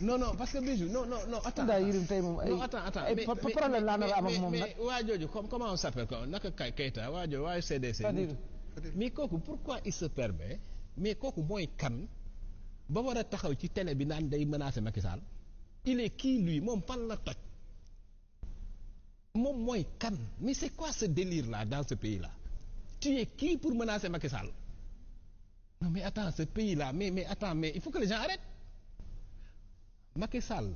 non non parce que Bijou non non non. attends non attends attends mais problème comment on s'appelle quoi naka kay Keita Wa jooju waaye CDC. mais pourquoi il se permet mais pourquoi mooy kan ba war a taxaw ci télé bi naan day menacer Macky Sall. il est qui lui parle la kan mais c'est quoi ce délire là dans ce pays là. tu es qui pour menacer Macky Sall. non mais attends ce pays là mais mais attends mais il faut que les gens arrêtent. Macky Sall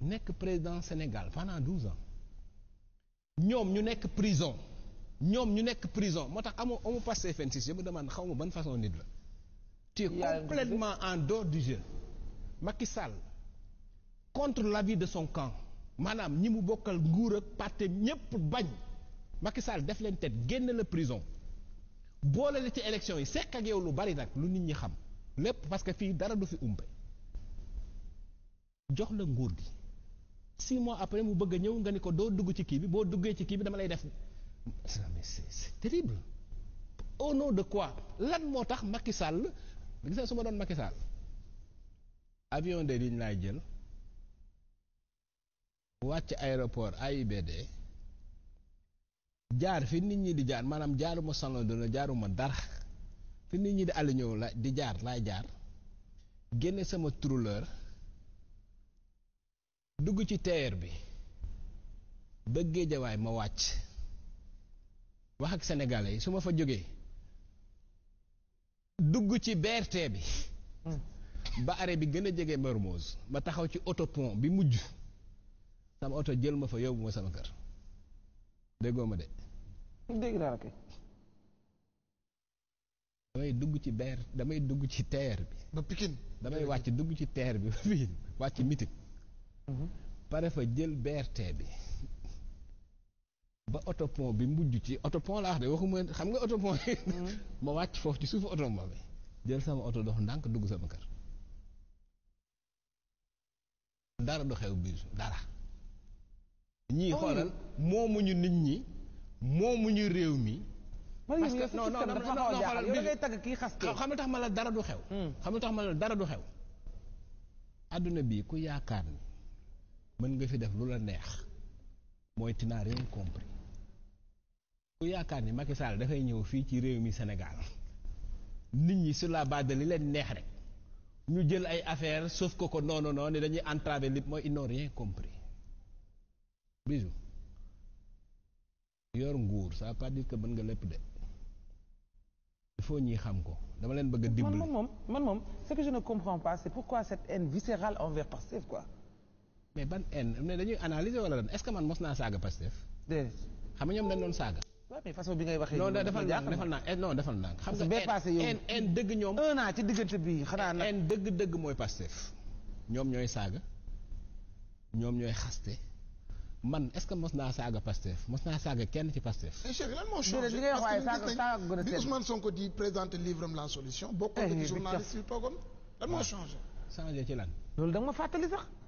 nek président Sénégal pendant douze ans ñoom ñu nek prison ñoom ñu nek prison Motax amu amu passé FNC je me demande xaw ma ban façon nit la. tu es complètement en dehors du jeu. Macky Sall contre l'avis de son camp Manam ñi mu bokkal nguur ak parti ñepp bañ Macky Sall def leen tête genn la prison boole la ci élection yi sekk ak yow lu bari nak lu nit ñi xam lépp parce que fi dara du fi umpe. jox la nguur gi six mois après mu bëgg a ñëw nga ni ko doo dugg ci kii bi boo duggee ci kii bi dama lay def c'est terrible au nom de quoi lan moo tax Macky Sall gis nga su ma doon Macky Sall avion de ligne laay jël wàcc aéroport AIBD jaar fi nit ñi di jaar maanaam jaaruma salon de la jaaruma dara fi nit ñi di ñëw la di jaar laay jaar génne sama trouleur dugg ci teer bi ba géejawaay ma wàcc wax ak sénégalais yi su ma fa jógee dugg ci BRT bi ba arrêt bi gën a jege Mermoz ma taxaw ci oto autopont bi mujj sama oto jël ma fa yóbbu ma sama kër déggoo ma de dégg damay dugg ci BRT damay dugg ci teer bi ba Pikine damay wàcc dugg ci teer bi ba wàcc mitin pare fa jël BRT bi ba autopont bi mujj ci autopont la wax de xam nga autopont yi mm. ma wàcc foofu ci suufu autopont bi jël sama oto dox ndànk dugg sama kër dara du xew biir dara ñii oh. xoolal moomuñu nit ñi moomuñu réew mi parce que non xam nga tax ma la dara du xew àdduna mm. bi ku yaakaar ni mën nga fi def lu la neex mooy tu n'as rien compris ku yaakaar ni Macky Sall dafay ñëw fii ci réew mi Sénégal nit ñi sur la base de li leen neex rek ñu jël ay affaire sauf que ko non non non ne dañuy entraver lépp mooy ils n'ont rien compris bisou yor nguur ça pas dire que mën nga lépp de il faut ñuy xam ko dama leen bëgg a dimbali man moom man moom ce que je ne comprends pas c'est pourquoi cette haine viscérale envers Pastef quoi mais ban haine ne dañuy analyser wala lan est-ce que man mos naa saaga Pastef. déedéet xam nga ñoom dañ doon saga waaw mais façon bi ngay waxe non defal naa defal na non defal na xam nga passé yow en en deug ñom un an ci digënté bi xanaa nag haine deug dëgg mooy Pastef. ñom ñoy saga ñom ñoy xasté man est-ce que mos na saga Pastef mos na saga kenn ci Pastef. mais chef lan moo changé parce que bi Ousmane Sonko di présente livre la solution. bokkoon ci eh, journaliste yu toogoon lan mo changer changer ci lan. lolou da ma fatali sax.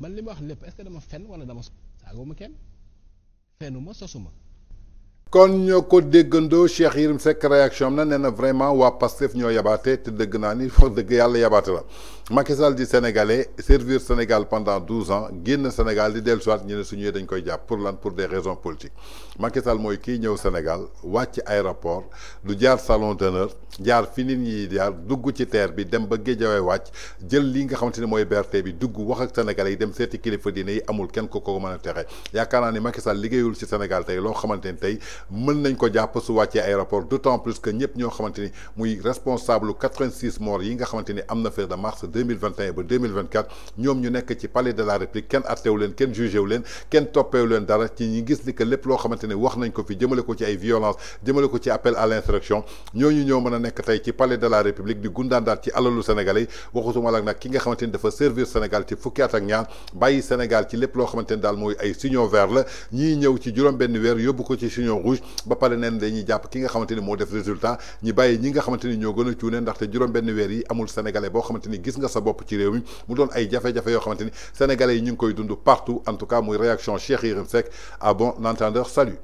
man li ma wax lépp est-ce que dama fen wala dama saaguma kenn sosuma kon ñoo ko déggandoo Cheikh Yérim Seck réaction am na nee na vraiment waa Pastef ñoo yabaate te dëgg naa ni foog dëgg yàlla yabaate la Macky Sall di sénégalais servir Sénégal pendant 12 ans guen Sénégal di dellu soit ñu ne dañ koy japp pour lan pour des raisons politiques Macky Sall mooy kii ñëw Sénégal wacc aéroport du jaar salon d'honneur jaar fi nit ñi jaar dugg ci terre bi dem ba Guédiawaye wacc jël li nga xamante moy mooy BRT bi dugg wax ak sénégalais dem seeti kilifa dina yi amul kenn ko ko mëna téré texe ni Macky Sall liggéeyul ci Sénégal tay lo xamante tay tey mën nañ ko japp su wacc aéroport d'autant plus que ñëpp ñoo xamante muy responsable 86 morts yi nga xamante amna am de mars 2021 ba 2024 ñom ñu nekk ci palais de la république kenn attewu leen kenn jugé wu leen kenn toppewu leen dara ci ñi gis ni que lépp lo xamante ne wax nañ ko fi jëmele ko ci ay violence jëmele ko ci appel à l'insurrection ñooñu ñoo mën a nekk tay ci palais de la république di gundaandaat ci alalu sénégalais waxutuma la nak ki nga xamante dafa servir Sénégal ci fukki at ak ñaar bayyi Sénégal ci lépp lo xamante dal moy ay signaux vert la ñi ñëw ci juroom benn weer yobbu ko ci signaux rouge ba palé neen dañuy japp ki nga xamante mo def résultat ñi bayyi ñi nga xamante ñoo gëna a ndax ndaxte juroom benn weer yi amul sénégalais bo xamante gis nga sa bop ci réew mi mu doon ay jafé jafé yo xamanteni sénégalais yi ñu ngi koy dund partout en tout cas muy réaction Cheikh Yérim Seck à bon entendeur salut